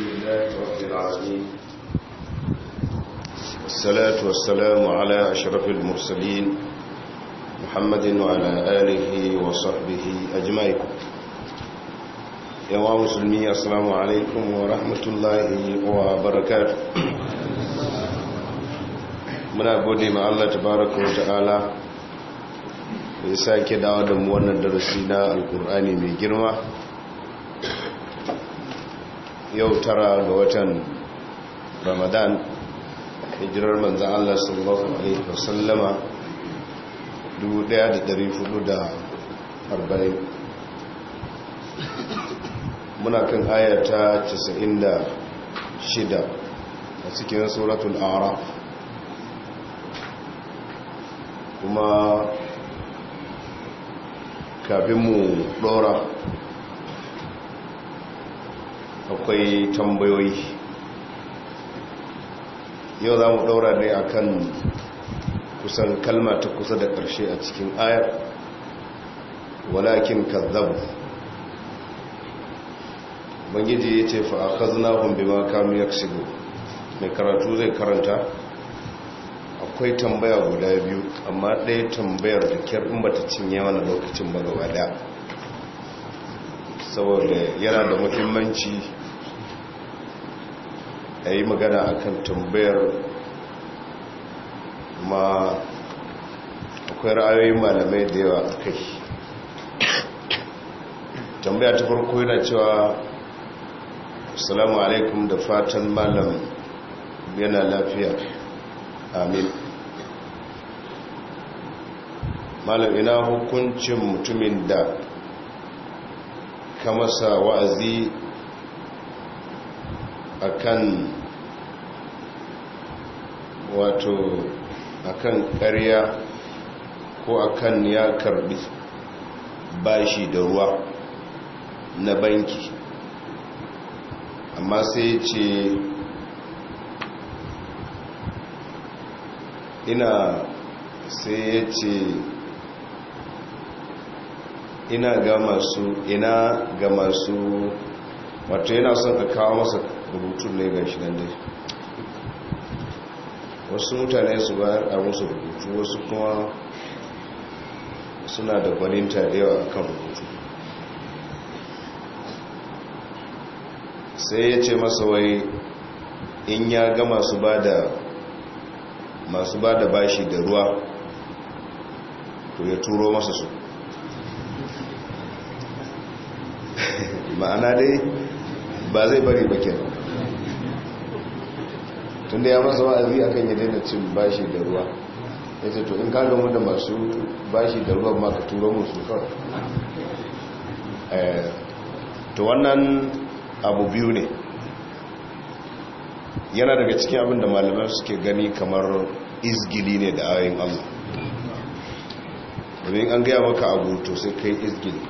الحمد لله رب العالمين والصلاة والسلام على أشرف المرسلين محمد وعلى آله وصحبه أجمعين يا مسلمي السلام عليكم ورحمة الله وبركاته muna gode ma Allah tabaraka wa ta'ala ya sake dawo da mu wannan darasi na alkur'ani mai girma yau tara ga watan ramadan hijirar manzan Allah sallallahu alaihi wasallama 1440 muna kan ayata 96 a cikin suratul araf kuma kafin mu dora akwai tambayoyi yau za mu daura ne a kan kusan kalma ta kusa da ƙarshe a cikin ayar walakin kazzabu bangiji ya ce fa'a kazna hunbe ma kamun ya shigo mai karatu zai karanta akwai tambaya guda biyu amma ɗaya tambayar da kyar in bata cinye mana lokacin ba gaba da saboda yana da muhimmanci a yi magana kan tambayar ma akwai ra'ayoyin malamai da yawa a kai tambaya ta farko yana cewa assalamu alaikum da fatan malam yana lafiya amin malam ina hukuncin mutumin da ka masa wa'azi akan wato akan ƙarya ko akan ya karbi bashi da ruwa na banki amma sai ce ina sai ya ce ina ga masu ina ga masu wato yana son ka kawo masa rubutun ne ga nan dai wasu mutane su ba a musu rubutu wasu kuma suna da gwaninta da yawa kan rubutu sai ya ce masa wai in ya ga masu ba masu ba da bashi da ruwa to ya turo masa su ma'ana dai ba zai bari ba kenan tun da ya masa wa'azi a kan daina cin bashi da ruwa ya ce to in ka gamu da masu bashi da ruwa ma ka turo musu kawai eh, to wannan abu biyu ne yana daga cikin abin da malamar suke gani kamar izgili ne da ayin allah domin an gaya maka abu to sai kai izgili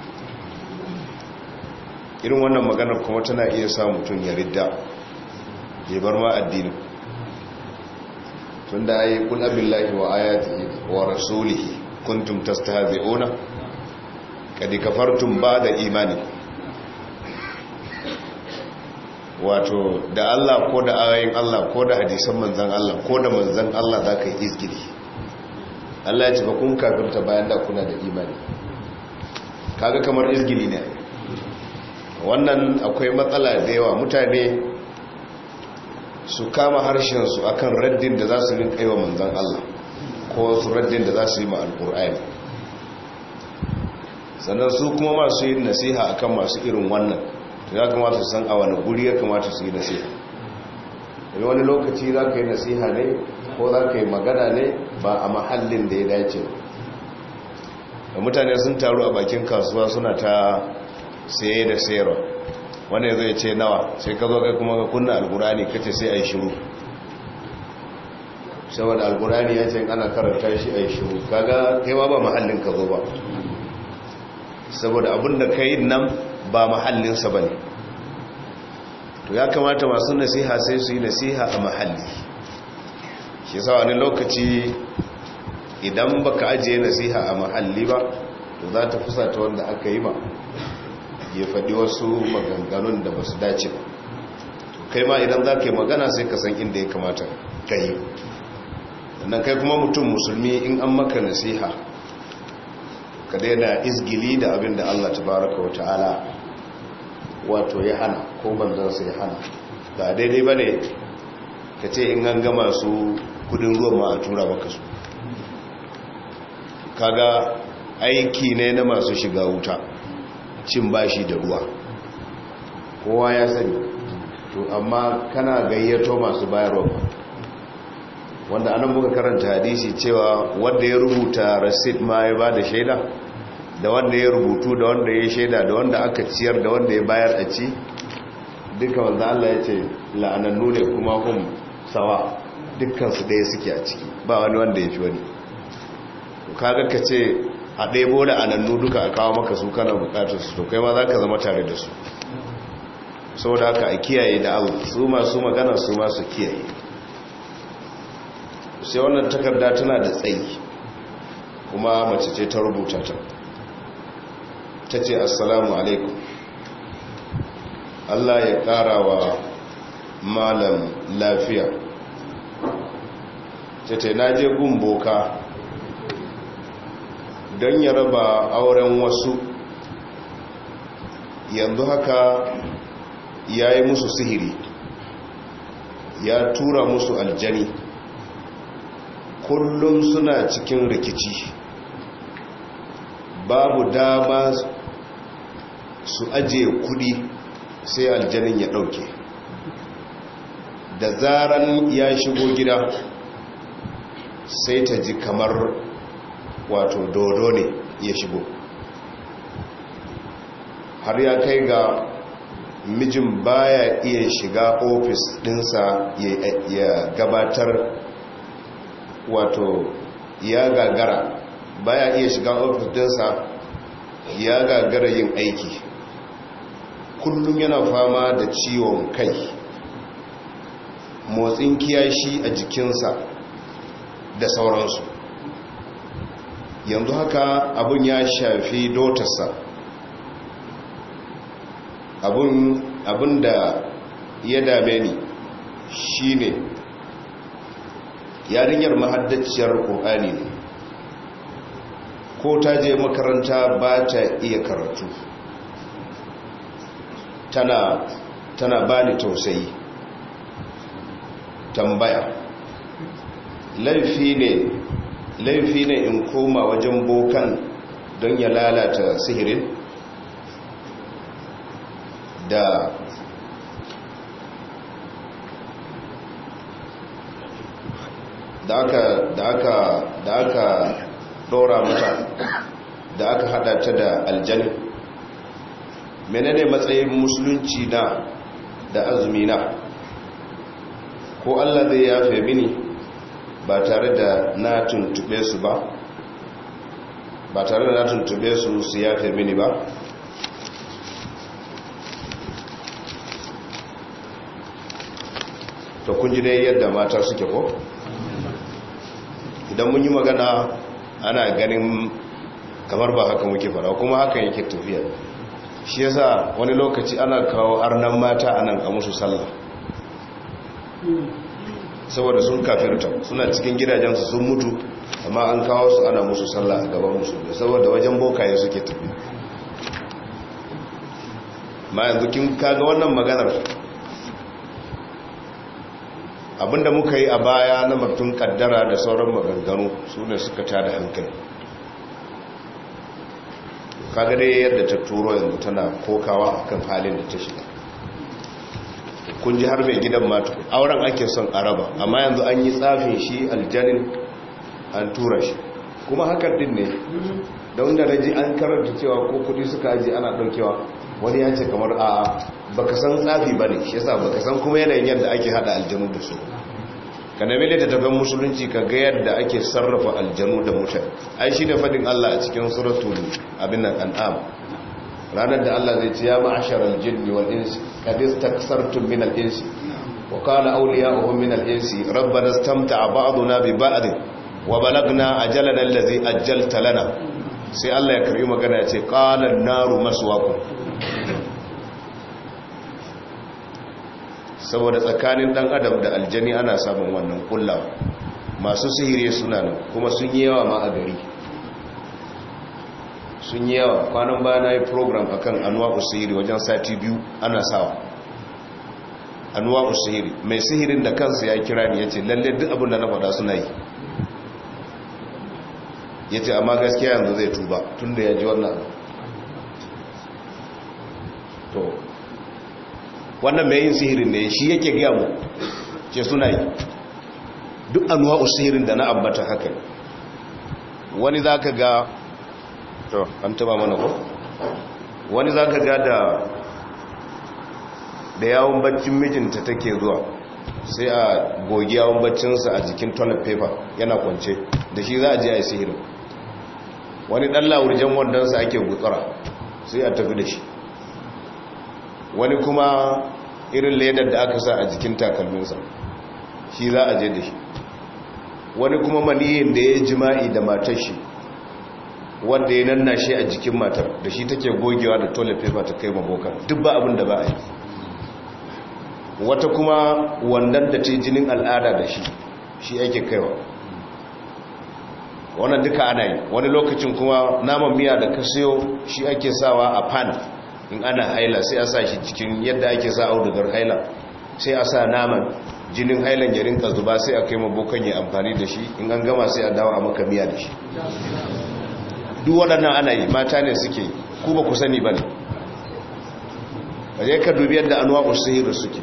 irin wannan maganar kuma tana iya sa mutum ya ridda ya bar ma addinin tun da ayi kul abillahi wa ayati wa rasuli kuntum kadi kad ba ba'da imani wato da Allah ko da ayoyin Allah ko da hadisan manzan Allah ko da manzan Allah za ka yi izgiri Allah ya ce ba kun kafirta bayan da kuna da imani kaga kamar izgiri ne wannan akwai matsala da yawa mutane su kama harshen su akan raddin da za su yi wa manzan Allah ko su raddin da za su yi ma alkur'ani sannan su kuma masu yi nasiha a kan masu irin wannan to ya kamata su san a wani guri ya kamata su yi nasiha da wani lokaci za ka yi nasiha ne ko za ka yi magana ne ba a mahallin da ya dace da mutane sun taru a bakin kasuwa suna ta saye da sayarwa wanda ya zai ce nawa sai ka zo kai kuma ka kunna alkurani kace sai ayi shiru saboda alkurani ya ce ana karanta shi ayi shiru kaga kai ba mahallin ka zo ba saboda abin da ka yi nan ba mahallin ba ne to ya kamata masu nasiha sai su yi nasiha a mahalli shi wani lokaci idan baka ajiye nasiha a mahalli ba to za ta fusa ta wanda aka yi ba. ya faɗi wasu maganganun da ba su dace ba kai ma idan za ka yi magana sai ka san inda ya kamata ka yi sannan kai kuma mutum musulmi in an maka nasiha ka daina izgili da abin da allah tabaraka wa ta'ala wato ya hana ko su ya hana ba daidai ba ne ka ce in an gama su kudin ruwa a tura maka su kaga aiki ne na masu shiga wuta cin bashi da ruwa kowa ya sani to amma kana gayyato masu bayarwa wanda anan muka karanta hadisi cewa wanda ya rubuta rasit ma ya ba da shaida da wanda ya rubutu da wanda ya shaida da wanda aka ciyar da wanda ya bayar a ci duka wanda Allah ya ce la'anannu ne kuma hum sawa dukkansu daya suke a ciki ba wani wanda ya fi wani kaga ka ce a a la'anannu duka a kawo maka su kana bukatar su to kai ma za ka zama tare da su Sau da haka a kiyaye da abu su masu magana su masu kiyaye sai wannan takarda tana da tsayi kuma mace ce ta rubuta ta ta ce assalamu alaikum allah ya ƙara wa malam lafiya ta ce na je gun boka don ya raba auren wasu yanzu haka ya yi musu sihiri ya tura musu aljani kullum suna cikin rikici babu dama su aje kudi sai aljanin ya dauke da zaran ya shigo gida sai ta ji kamar wato dodo ne ya shigo har ya kai ga mijin baya iya shiga ofis dinsa ya gabatar wato ya gagara baya iya shiga ofis dinsa ya gagara yin aiki kullum yana fama da ciwon kai motsin kiyashi a jikinsa da sauransu yanzu haka abun ya shafi dotarsa abun da ya dame ni shi ne yarinyar mahaddaciyar ƙoƙani ne ko ta je makaranta ba ta iya karatu tana tana ba ni tausayi tambaya laifi ne laifi ne in koma wajen bokan don ya lalata sihirin da da aka da dora mata da aka hada ta da aljani menene matsayin musulunci na da azumi na ko Allah zai yafe mini ba tare da na tuntube su ba ba tare da na tuntube su su yafe mini ba to kun ji yadda mata suke ko idan mun yi magana ana ganin kamar ba haka muke fara kuma hakan yake tafiya shi yasa wani lokaci ana kawo arnan mata anan a musu sallah saboda sun kafirta suna cikin gidajensu sun mutu amma an kawo su ana musu sallah a gaban da saboda wajen bokaye suke tafi ma yanzu kin kaga wannan maganar abinda muka yi a baya na martun kaddara da sauran maganganu su ne suka da hankali kaga dai yadda ta turo yanzu tana kokawa akan halin da ta shiga kun ji har mai gidan matu auren ake son araba amma yanzu an yi tsafin shi aljanin an tura shi kuma hakan din ne da wanda da ji an karanta cewa ko kudi suka aji ana daukewa wani ya ce kamar a baka san tsafi ba ne shi yasa baka san kuma yanayin yadda ake hada aljanu da su ka nemi littattafan musulunci ka ga yadda ake sarrafa aljanu da mutane ai shi da faɗin allah a cikin suratul abin nan an'am ranar da Allah zai ce ya ma'ashar aljinni wal kadis ta sartun min al insi wa qala awliya'uhum min al insi rabbana istamta'a ba'duna bi ba'd wa balagna ajalana allazi ajjalta lana sai Allah ya karbi magana ya ce qala naru maswaqu saboda tsakanin dan adam da aljani ana samun wannan kullawa masu sihiri suna nan kuma sun yi yawa ma a gari sun yi yawa kwanan bayan na yi program akan anuwa usiri wajen sati biyu ana sawa anuwa usiri mai sihirin da kansa ya kira ni ya ce lalle duk abinda na faɗa suna yi ya ce amma gaskiya yanzu zai tuba tun da ya ji wannan to wannan mai yin sihirin ne shi yake gaya mu ce suna yi duk anuwa usirin da na ambata haka wani za ka ga to an taba mana ko wani za ka ga da da yawon baccin mijinta take zuwa sai a gogi yawon baccinsa a jikin toilet paper yana kwance da shi za a je a yi sihirin wani dan lawurjen wandonsa ake gutsura sai a tafi da shi wani kuma irin ledar da aka sa a jikin takalminsa shi za a je da shi wani kuma maniyin da ya jima'i da matar shi wanda ya nanna shi a jikin matar da shi take gogewa da toilet paper ta kai mabokan duk ba abin da ba a yi wata kuma wannan da ta jinin al'ada da shi shi yake kaiwa wannan duka ana yi wani lokacin kuma naman miya da kasiyo shi ake sawa a pan in ana haila sai a sa shi cikin yadda ake sa audugar haila sai a sa naman jinin hailan ya rinka zuba sai a kai mabokan ya amfani da shi in an gama sai a dawa a maka miya da shi duk waɗannan ana yi mata ne suke ku ba ku sani ba ne kaje ka dubi yadda anuwa usihiru suke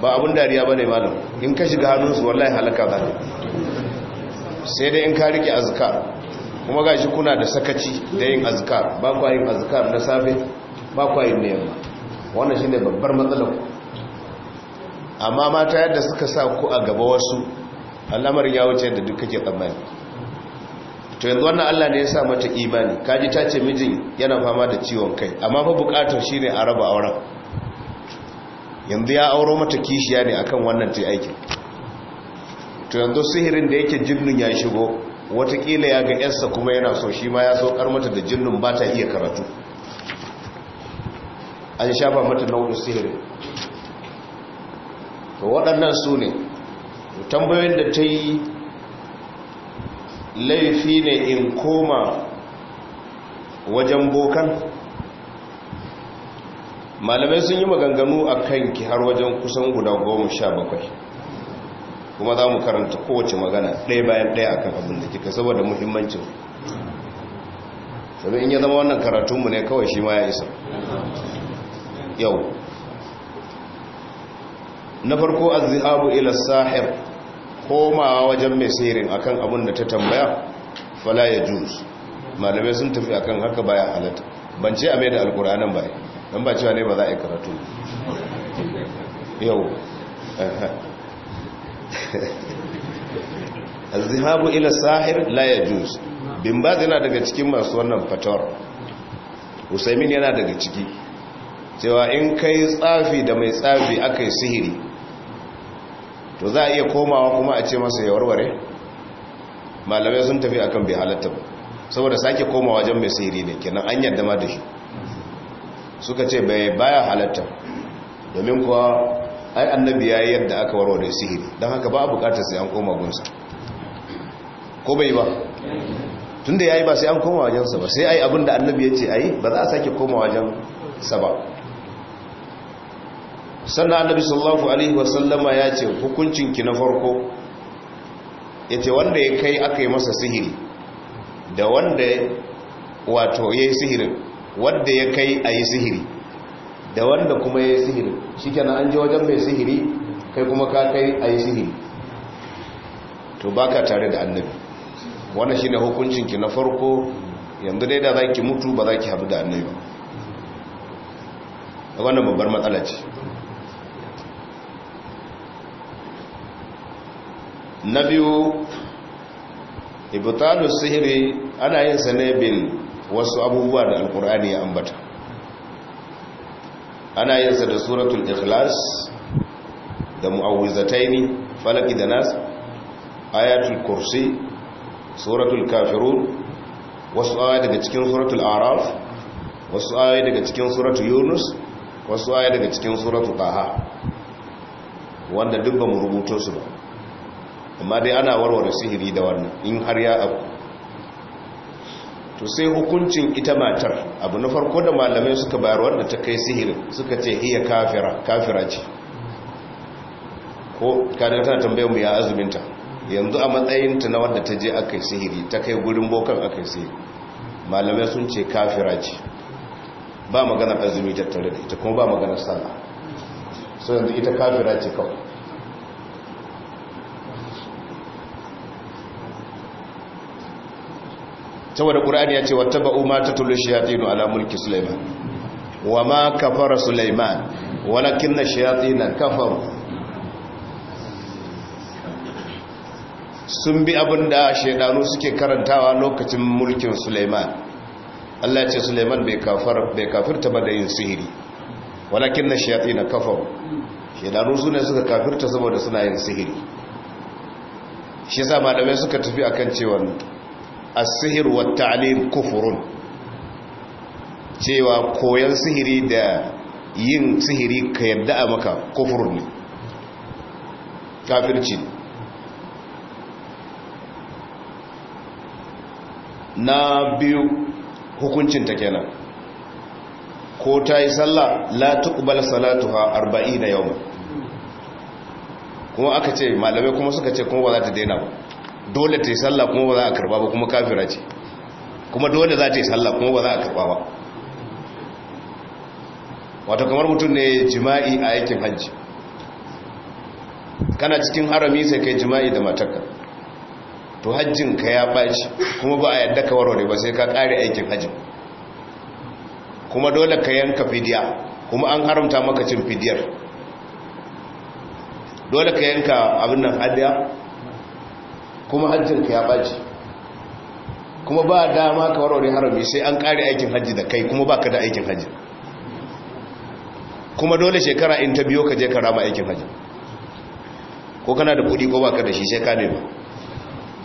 ba abun dariya ba ne malam in ka shiga hannunsu wallahi halaka ba ne sai dai in ka rike azkar kuma ga shi kuna da sakaci da yin azkar ba kwa yin azkar na safe ba kwa yin na yamma wannan shi ne babbar matsalar amma mata yadda suka sa ku a gaba wasu al'amarin ya wuce da duk kake tsammani to yanzu wannan Allah ne ya sa mata imani kaji ta ce mijin yana fama da ciwon kai amma fa bukatar shine a raba auren yanzu ya auro mata kishiya ne akan wannan ta aikin to yanzu sihirin da yake jinnin ya shigo watakila ya ga yarsa kuma yana so shi ma ya saukar mata da jinnin ba ta iya karatu an shafa mata nau'in sihirin to waɗannan su ne tambayoyin da ta yi laifi ne in koma wajen bokan malamai sun yi maganganu a kanki har wajen kusan guda goma sha bakwai kuma za mu karanta kowace magana ɗaya bayan ɗaya akan abin da kika saboda muhimmancin sabi in yi zama wannan karatunmu ne kawai shi ma ya isa yau na farko abu ila sahir komawa wajen mai sihirin akan abin da ta tambaya fala ya juz malamai sun tafi akan haka baya halatta ban ce a mai da alkuranin baya don ba cewa ne ba za a yi karatu yau azhabu ila sahir la yajuz bin baz yana daga cikin masu wannan fatawar usaimin yana daga ciki cewa in kai tsafi da mai tsafi yi sihiri to za a iya komawa kuma a ce masa ya warware malamai sun tafi akan bai halatta ba saboda sake koma wajen mai sihiri ne kenan an yadda ma da shi suka ce bai baya halatta domin kuwa ai annabi ya yi yadda aka warware sihiri don haka ba a bukatar sai an koma gunsa ko bai ba tunda ya yi ba sai an koma wajensa ba sai ai abin da annabi ya ce ai ba za a sake koma wajensa ba sannan annabi sallallahu alaihi wasallama ya ce hukuncinki na farko yace wanda ya kai aka yi masa sihiri da wanda wato ya yi sihirin wanda ya kai a yi sihiri da wanda kuma ya yi sihiri shi an je wajen mai sihiri kai kuma ka kai a yi sihiri to baka tare da annabi wannan shine hukuncinki na farko yanzu dai da za ki mutu ba za ki da annabi ba wannan babbar matsala ce na biyu ibtalus sihiri ana yin sa ne bil wasu abubuwa da alkur'ani ya ambata ana yin sa da suratul ikhlas da mu'awwizataini falaki da nas ayatul kursi suratul kafirun wasu ayoyi daga cikin suratul araf wasu ayoyi daga cikin suratul yunus wasu ayoyi daga cikin suratul taha wanda duk ba mu rubuto su ba amma dai ana warware sihiri da wannan in har ya abu to sai hukuncin ita matar abu na farko da malamai suka bayar wanda ta kai sihirin suka ce hiya kafira kafira ce ko kada tana tambayar mu ya azuminta yanzu a matsayinta na wanda ta je aka yi sihiri ta kai gurin bokan aka yi sihiri malamai sun ce kafira ce ba magana azumi tattare da ita kuma ba magana sallah so yanzu ita kafira ce kawai saboda ƙura'ani ya ce wattaba'u ma tatlu shayatin ala mulki sulaiman wa ma kafara sulaiman walakinna shayatin kafaru sun bi abin da shaidanu suke karantawa lokacin mulkin Suleiman Allah ce Suleiman bai kafirta ba da yin sihiri walakin na shayafi na kafar shaidanu su ne suka kafirta saboda suna yin sihiri shi sa malamai suka tafi akan cewa asihir wa talim kufurun cewa koyan sihiri da yin sihiri ka yadda a maka kufurun ne kafirci na biyu hukuncin ta kenan ko ta yi sallah la ha arba'i na yau? kuma aka ce malamai kuma suka ce kuma ba za ta daina ba dole ta yi sallah kuma ba za a karba ba kuma kafira ce kuma dole za ta yi sallah kuma ba za a karba ba wato kamar mutum ne jima'i a aikin hajji kana cikin harami sai kai jima'i da matakar to hajjin ka ya baci kuma ba a yadda ka warware ba sai ka kare aikin hajji kuma dole ka yanka fidiya kuma an haramta maka cin fidiyar dole ka yanka abin nan hadiya kuma hajjinka ya ɓaci kuma ba dama ka warware harami sai an kare aikin hajji da kai kuma ba ka da aikin hajji kuma dole shekara in ta biyo ka je ka rama aikin hajji ko kana da kuɗi ko ba ka da shi sai ka nema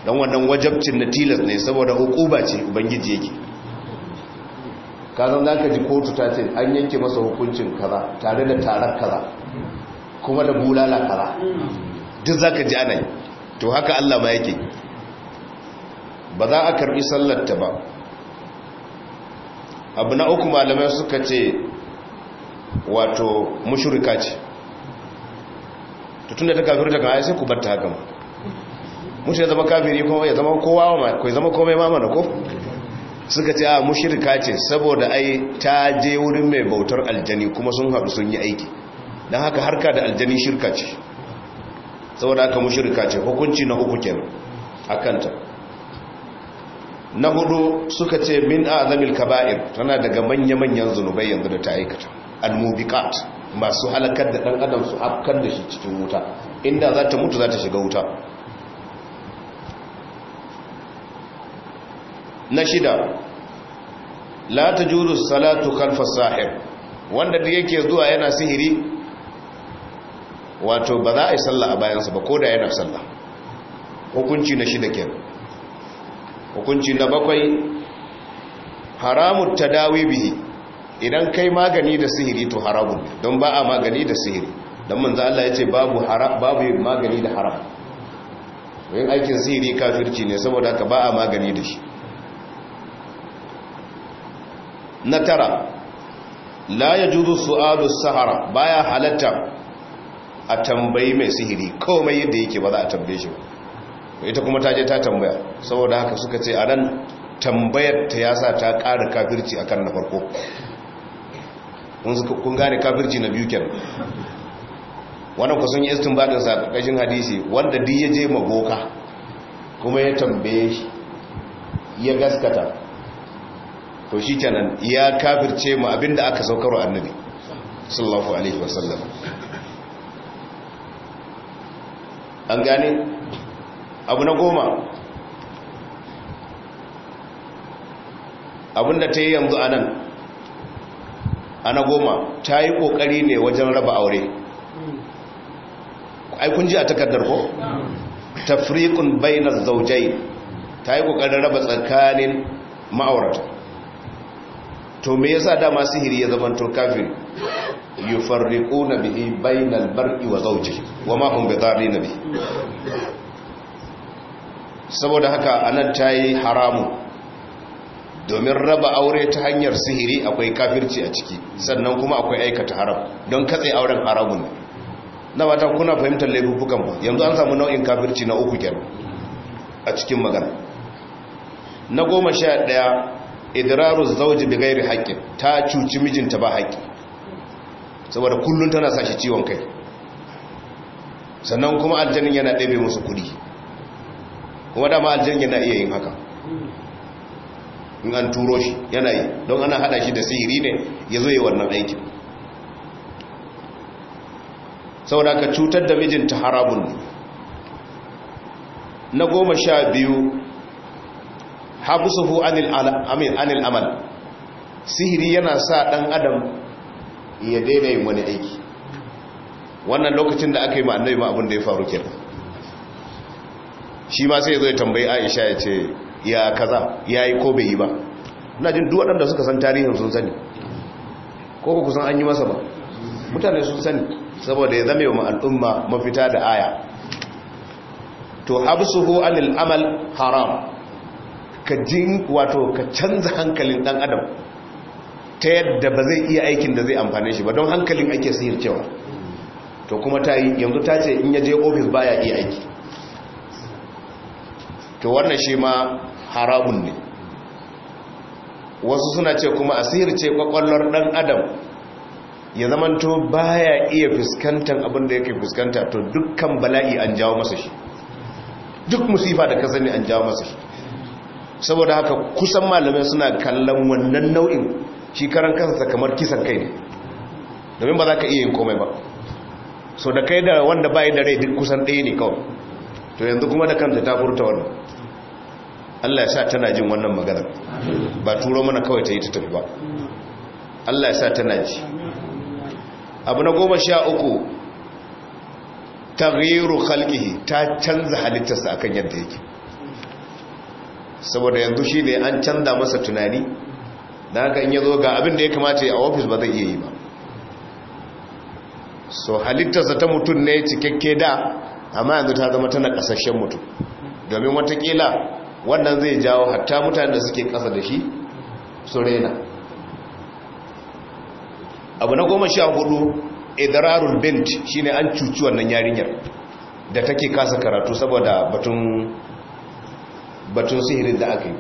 don wannan wajabcin na tilas ne saboda hukuba ce ubangiji yake kazan za ka ji kotu ta ce an yanke masa hukuncin kaza tare da tarar kaza kuma da bulala kaza duk za ka ji ana yi to haka Allah ma yake ba za a karbi sallarta ba abu na uku malamai suka ce wato mushurika ce tutun da ta kafirta kan ayi sai ku ta haka ma, mutu ya zama kafiri kuma ya zama kowa ma ko ya zama komai ma mana ko suka ce a mushirka ce saboda ai ta je wurin mai bautar aljani kuma sun haɗu sun yi aiki don haka harka da aljani shirka ce saboda aka mushirka ce hukunci na uku kenan akanta na hudu suka ce min azamil kaba'ir tana daga manya-manyan zunubai yanzu da ta aikata al-mubiqat masu halakar da dan adam su afkar da shi cikin wuta inda za ta mutu za ta shiga wuta na shida la juru salatu khalfa sahib wanda da yake zuwa yana sihiri wato ba za a yi sallah a bayansa ba ko da yana sallah hukunci na shida ke? hukunci na bakwai haramun tadawi bihi idan kai magani da sihiri to haramun don ba a magani da sihiri don manza Allah ya ce babu babu magani da haram yin aikin sihiri kafirci ne saboda ka ba a magani da shi na tara la yajuzu su'alu sahara baya halatta a tambayi mai sihiri komai yadda yake ba za a tambaye shi ba ita kuma ta je ta tambaya saboda haka suka ce a nan tambayar ta sa ta ƙara kafirci kan na farko kun gane kafirci na biyu kyan wannan kusan yi istinbadin sa ƙarƙashin hadisi wanda di ya je maboka kuma ya tambaye shi ya gaskata to shi kenan ya kafirce ma abinda aka saukarwa annabi sallallahu alaihi wasallam an gane abu na goma abinda ta yi yanzu a nan a na goma ta yi ƙoƙari ne wajen raba aure kun ji a takardar ko? tafriƙun bainar zaujai ta yi ƙoƙarin raba tsakanin ma'aurata to me yasa dama sihiri ya zama to kafiri yufarriquna bihi bainal bar'i wa zawjihi wa ma hum bidari nabi saboda haka anan tayi haramu domin raba aure ta hanyar sihiri akwai kafirci a ciki sannan kuma akwai aikata haram don katse auren haramun ne na ba kuna fahimtar laifukan ba yanzu an samu nau'in kafirci na uku kenan a cikin magana na goma sha ɗaya idrarun zaujin bi gairi haƙƙin ta cuci mijinta ba haƙƙi saboda kullum tana sa shi ciwon kai sannan kuma aljanin yana ɗabe musu kuɗi kuma dama aljanin yana iya yin haka in an turo shi yana yi don ana haɗa shi da sihiri ne ya zo yi wannan aikin saboda ka cutar da mijinta harabun na goma sha biyu habusuhu anil amin amal sihiri yana sa dan adam ya daina yin wani aiki wannan lokacin da aka yi ma annabi ma abun da ya faru kenan shi ma sai ya zo ya tambayi Aisha ya ce ya kaza yayi ko bai yi ba ina jin duk waɗanda suka san tarihin sun sani ko ku san an yi masa ba mutane sun sani saboda ya zame wa al'umma mafita da aya to habsuhu anil amal haram ka jin wato ka canza hankalin dan adam ta yadda ba zai iya aikin da zai amfane shi ba don hankalin ake sihir cewa to kuma ta yi yanzu ta ce in ya je ofis baya iya aiki to wannan shi ma haramun ne wasu suna ce kuma asihir ce kwakwallon dan adam ya zamanto baya iya fuskantar abin da yake fuskanta to dukkan bala'i an jawo masa shi duk musifa da ka sani an jawo masa shi saboda haka kusan malamai suna kallon wannan nau'in shi karan kansa kamar kisan kai ne domin ba za ka iya yin komai ba so da kai da wanda bayi da rai duk kusan ɗaya ne kawai to yanzu kuma da kanta ta furta wannan Allah ya sa tana jin wannan magana ba turo mana kawai ta yi ta tafi ba Allah ya sa tana ji abu na goma sha uku ghiru khalqihi ta canza halittarsa akan yadda yake saboda yanzu shi ne an canza masa tunani da haka in yazo ga abin da ya kamata a ofis ba zai iya yi ba so halittarsa ta mutum ne cikakke da amma yanzu ta zama tana kasashen mutum domin watakila wannan zai jawo hatta mutane da suke kasa da shi su rena abu na goma sha hudu idrarul bint shine an cuci wannan yarinyar da take kasa karatu saboda batun batun sihirin da aka yi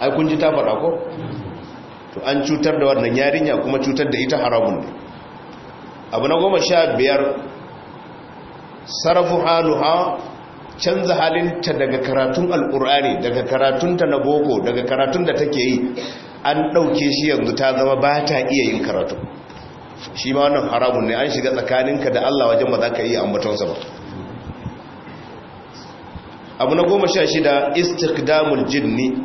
ai kun ji ta faɗa ko to an cutar da wannan yarinya kuma cutar da ita haramun ne abu na goma sha biyar sarrafu haluha canza halinta daga karatun al'ur'ani daga karatunta na boko daga karatun da take yi an ɗauke shi yanzu ta zama ba ta iya yin karatu shi ma wannan haramun ne an shiga tsakaninka da allah wajen ba za ka iya ambatonsa ba abu na goma sha shida istikdamul jinni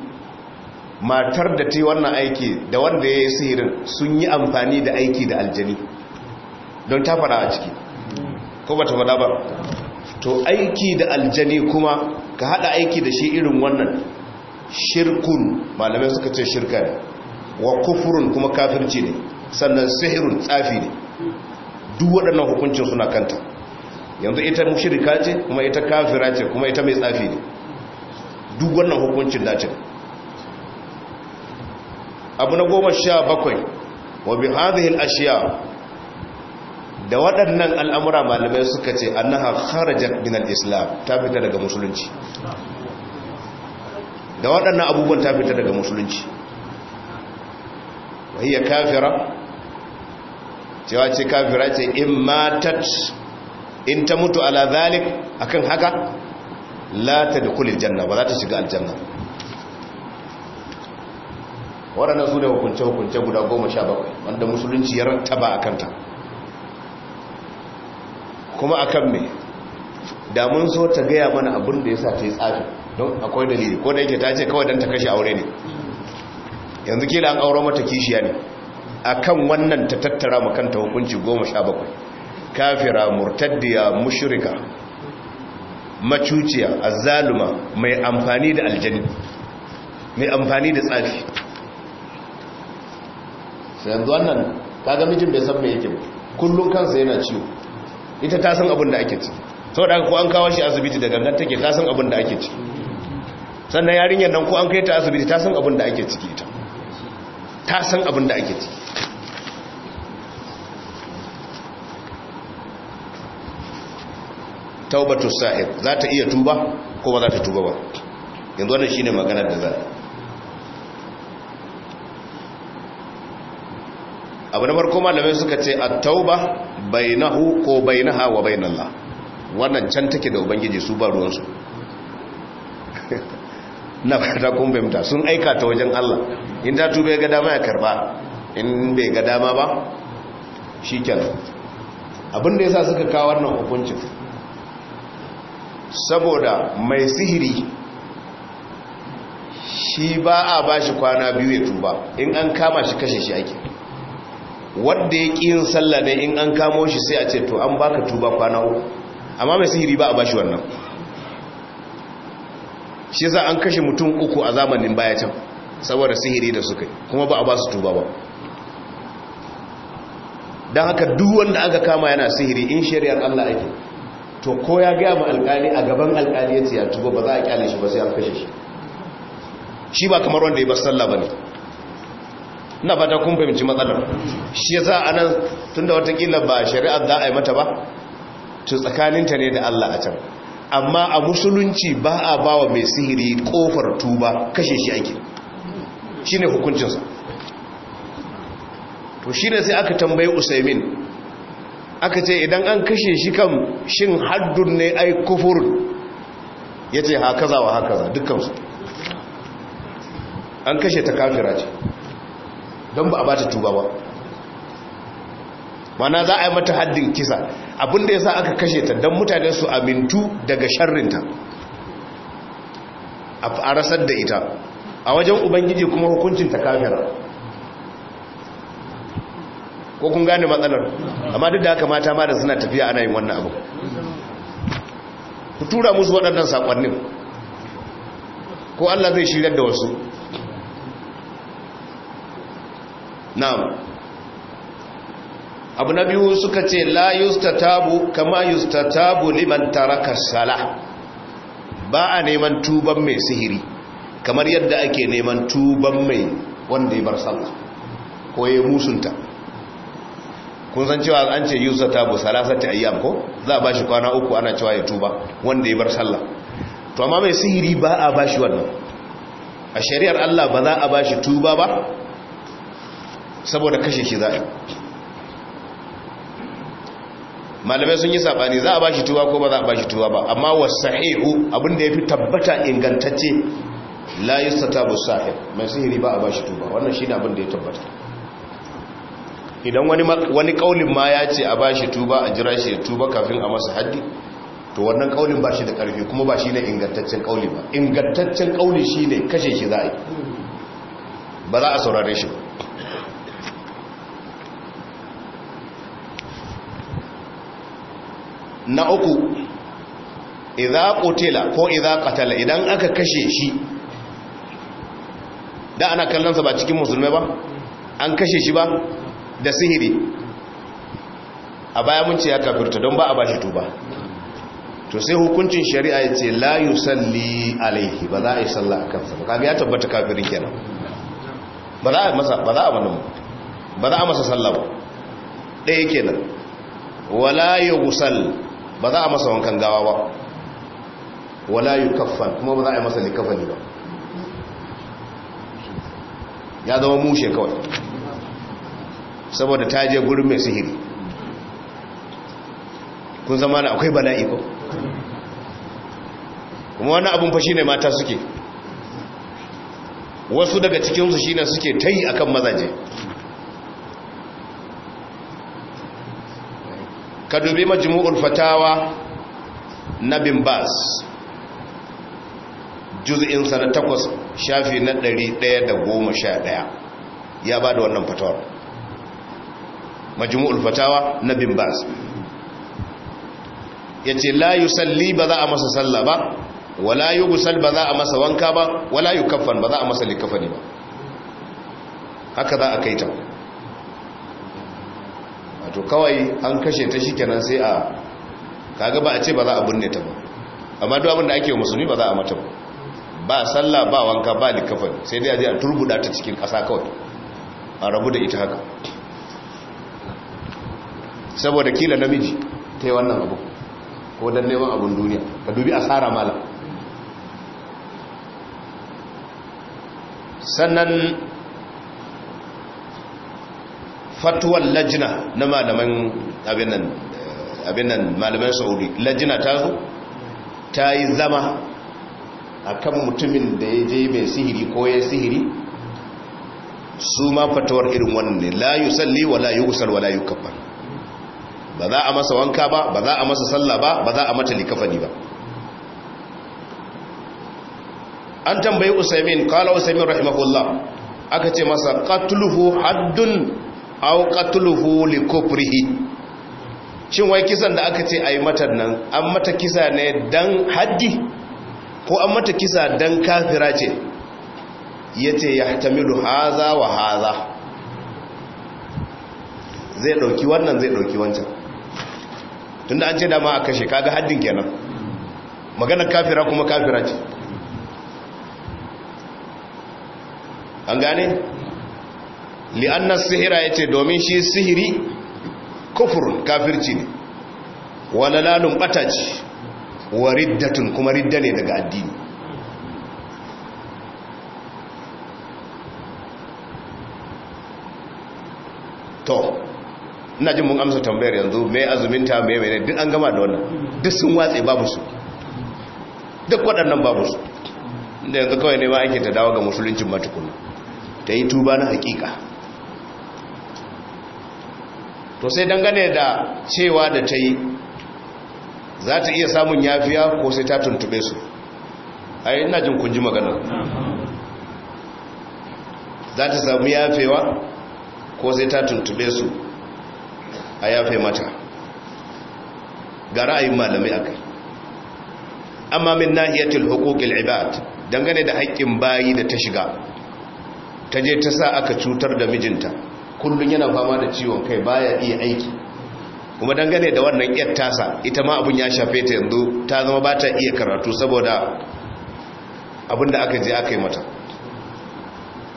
matar da ta yi wannan aiki da wanda ya yi sihirin sun yi amfani da aiki da aljani don ta fara a ciki ko ba ta fada ba to aiki da aljani kuma ka hada aiki da shi irin wannan shirkun malamai suka ce shirka ne wa kufurun kuma kafirci ne sannan sihirun tsafi ne duk waɗannan hukuncin suna kanta yanzu ita mushrika ce kuma ita kafira ce kuma ita mai tsafi ne duk wannan hukuncin dace abu na goma sha bakwai wa bi hadhihi ashiya da waɗannan al'amura malamai suka ce annaha kharajat min al-islam ta fita daga musulunci da waɗannan abubuwan ta fita daga musulunci wahiyar kafira cewa ce kafira ce in matat in ta mutu ala zalik akan haka la ta da janna ba za ta shiga aljanna waɗannan su ne hukunce-hukunce guda goma sha bakwai wanda musulunci ya rattaba a kanta kuma a kan me da mun so ta gaya mana abin da ya sa ta yi tsafi don akwai dalili ko da yake ta ce kawai don ta kashe aure ne yanzu kila an auro mata kishiya ne a kan wannan ta tattara makanta hukunci goma sha bakwai kafira murtaddiya mushrika macuciya azzaluma mai amfani da aljani mai amfani da tsafi sai yanzu wannan kaga mijin bai san me yake ba kullun kansa yana ciwo ita ta san abin da ake ci saboda haka ko an kawo shi asibiti da gangan take ta san abin da ake ci sannan yarinyar nan ko an kai ta asibiti ta san abin da ake ciki ita ta san abin da ake ciki taubatu sa'ib za ta iya tuba ko ba za ta tuba ba yanzu wannan shine maganar da za abu na farko malamai suka ce at-tauba bainahu ko bainaha wa bainallah wannan can take da ubangiji su ba su na fata kun fahimta sun aika ta wajen Allah in ta tuba ya ga dama ya karba in bai ga dama ba shikenan abin da yasa suka kawo wannan hukuncin saboda mai sihiri shi ba a ba shi kwana biyu ya tuba in an kama shi kashe shi ake wadda ya ƙi yin sallah ne in an kamo shi sai a ce to an baka tuba kwana uku amma mai sihiri ba a ba shi wannan shi za an kashe mutum uku a zamanin baya can saboda sihiri da suka kuma ba a ba su tuba ba don haka duk wanda aka kama yana sihiri in shari'ar Allah ake to ko ya gaya ma alkali a gaban alkali ya ce ya ba za a kyale shi ba sai an kashe shi shi ba kamar wanda ya bar sallah ba ne na fata kun fahimci matsalar shi ya za a nan tun da watakila ba shari'ar za a yi mata ba to tsakaninta ne da allah a can amma a musulunci ba a ba wa mai sihiri kofar tuba kashe shi ake shi ne hukuncinsa to shi ne sai aka tambayi usaimin aka ce idan an kashe shi kan shin haddun ne ai kufur ya ce haka za wa za dukansu. an kashe ta kafira ce don ba a bata tuba ba mana za a yi mata haddin kisa abinda ya sa aka kashe ta don mutane su amintu daga sharrinta a rasar da ita a wajen ubangiji kuma hukuncin ta kafira ko kun gane matsalar amma duk da haka mata ma da suna tafiya ana yin wannan abu ku tura musu waɗannan saƙonnin ko Allah zai shirar da wasu na'am abu na biyu suka ce la yustatabu kama yustatabu liman taraka salah ba a neman tuban mai sihiri kamar yadda ake neman tuban mai wanda ya bar sallah ko ya musunta kun san cewa an ce yusa ta bu salasati ayyam ko za a bashi kwana uku ana cewa ya tuba wanda ya bar sallah to amma mai sihiri ba a bashi wannan a shari'ar Allah ba za a bashi tuba ba saboda kashe shi za a malamai sun yi sabani za a bashi tuba ko ba za a bashi tuba ba amma sahihu abin ya yafi tabbata ingantacce la bu sahih mai sihiri ba a bashi tuba wannan shine abin da ya tabbata idan wani kaulin ma ya ce a bashi tuba a jira shi tuba kafin a masa haddi to wannan kaulin ba shi da karfi kuma ba shi ne ingantaccen kauli ba ingantaccen kauli shi ne kashe shi za a yi ba za a saurare shi ba na uku idan ƙotela ko idan qatala idan aka kashe shi da ana kallonsa ba cikin musulmai ba an kashe shi ba da sihiri a baya mun ce ya kafirta don ba a bashi tuba to sai hukuncin shari'a ya ce la yi salli alaihi ba za a yi sallah a kansa ba kaga ya tabbata kafirin kenan ba za a masa ba za a ba za a masa salla ba ɗaya kenan wala gusal ba za a masa wankan gawa ba wala kafan kuma ba za a yi masa likafani ba ya zama mushe kawai saboda ta je gurin mai sihiri kun zama na akwai bala'i ko kuma wani abin fashi ne mata suke wasu daga cikinsu shine suke ta akan mazaje ka dubi majmu'ul fatawa na bin bas juz'in sa na 8 shafi na 111 ya bada wannan fatawar majmu'ul fatawa na bin bas yace la yusalli ba za a masa sallah ba wala yughsal ba za a masa wanka ba wala yukaffan ba za a masa likafani ba haka za a kaita wato kawai an kashe ta shikenan sai a kaga ba a ce ba za a binne ta ba amma duk abin da ake wa musulmi ba za a mata ba ba sallah ba wanka ba likafani sai dai a je a turbuda ta cikin ƙasa kawai a rabu da ita haka saboda kila namiji ta yi wannan abu ko don neman abin duniya ka dubi a asara malam sannan fatuwar lajina na malaman abin malaman saudi lajina ta zo ta yi zama a kan mutumin da ya je mai sihiri ko ya sihiri su ma fatawar irin wannan ne la salli wa la yi wa la kafar ba za a masa wanka ba ba za a masa sallah ba ba za a mata likafani ba an tambayi usaimin kala usaimin rahimahullah aka ce masa katuluhu haddun au katuluhu likofrihi. shin wai kisan da aka ce ayi matan nan an mata kisa ne dan haddi ko an mata kisa dan kafira ce Ya ce ya tamilu haza wa haza zai dauki wannan zai dauki wancan tunda an ce dama a kashe kaga haddin kenan maganar kafira kuma kafira ce an gane li'annar sihira yace domin shi sihiri kufur kafirci ne walalalun ɓata ce wa riddatun kuma ridda ne daga addini ina jin mun amsa tambayar yanzu mai azuminta mai mai duk an gama da wannan duk sun watse babu su duk waɗannan babu su da yanzu kawai ne ma ake ta dawo ga musuluncin matukuna ta yi tuba na hakika to sai dangane da cewa da ta yi za ta iya samun yafiya ko sai ta tuntube su a yi ina jin kunji magana za ta samu yafewa ko sai ta tuntube su a yafe mata ga ra'ayin malamai a kai amma min nahiyatul huquqil ibad dangane da haƙƙin bayi da ta shiga ta je ta sa aka cutar da mijinta kullun yana fama da ciwon kai baya iya aiki kuma dangane da wannan 'yar tasa ita ma abun ya shafe ta yanzu ta zama ba ta iya karatu saboda abin da aka je aka yi mata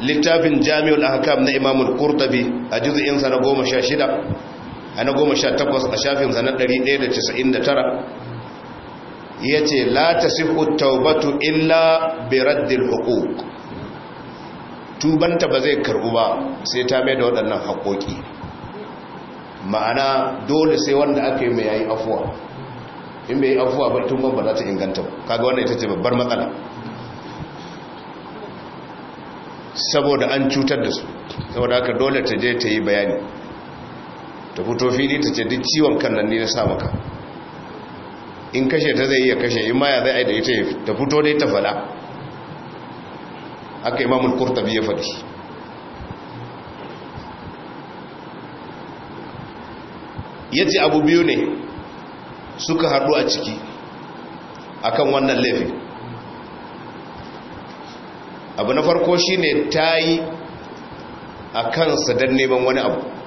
littafin jami'ul ahkam na imamul qurtubi a juz'in sa na 16 a na goma sha takwas a shafinsa na ɗari ɗaya da casa'in da tara ya ce la ta sihu taubatu illa biraddin hukuk tubanta ba zai karɓu ba sai ta mai da waɗannan haƙoƙi ma'ana dole sai wanda aka yi mai yayi afuwa in bai yi afuwa ba ban ba za ta inganta ba kaga wannan ita ce babbar matsala saboda an cutar da su saboda aka dole ta je ta yi bayani ta fito fili ta ce duk ciwon kan nan ne na sa maka in kashe ta zai iya kashe in ma ya zai aida ita ta fito dai ta fada aka imamu kurta biya fadi ya ce abu biyu ne suka haɗu a ciki akan wannan laifin abu na farko shi ne ta yi a kansa don neman wani abu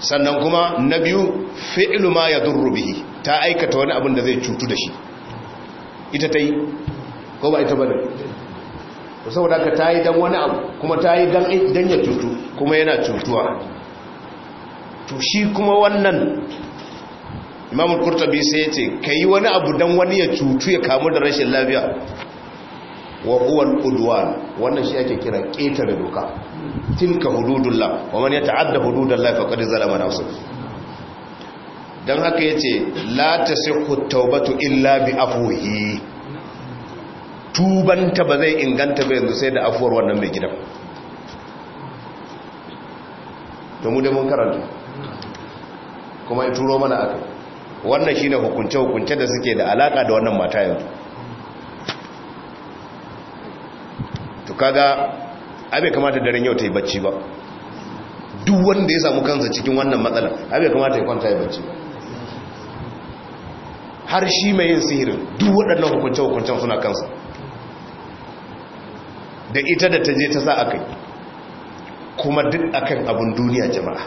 sannan kuma na biyu fi’ilu ma yadurru bihi ta aikata wani abin da zai cutu da shi ita ta yi ko ba ita ba to saboda ka ta yi dan wani abu kuma ta yi dan ya cutu kuma yana cutuwa to shi kuma wannan imamul kurtabi sai ya ce ka yi wani abu dan wani ya cutu ya kamu da rashin lafiya wa huwal udwan wannan shi ake kira ƙetare doka tilka hududullah wa man yata'adda hududallah faqad zalama nafsuhu don haka ya ce lata taubatu illa bi afuhi tubanta ba zai inganta ba yanzu sai da afuwar wannan mai gidan domin da mun karanta kuma ya turo mana aka wannan shi ne hukunce-hukunce da suke da alaka da wannan mata yanzu kaga abe kamata daren yau ta yi bacci ba duk wanda ya samu kansa cikin wannan matsala abe kamata ya kwanta ya bacci ba har shi mai yin sihirin duk waɗannan hukunce-hukuncen suna kansa da ita da ta je ta sa a kai kuma duk akan abin duniya jama'a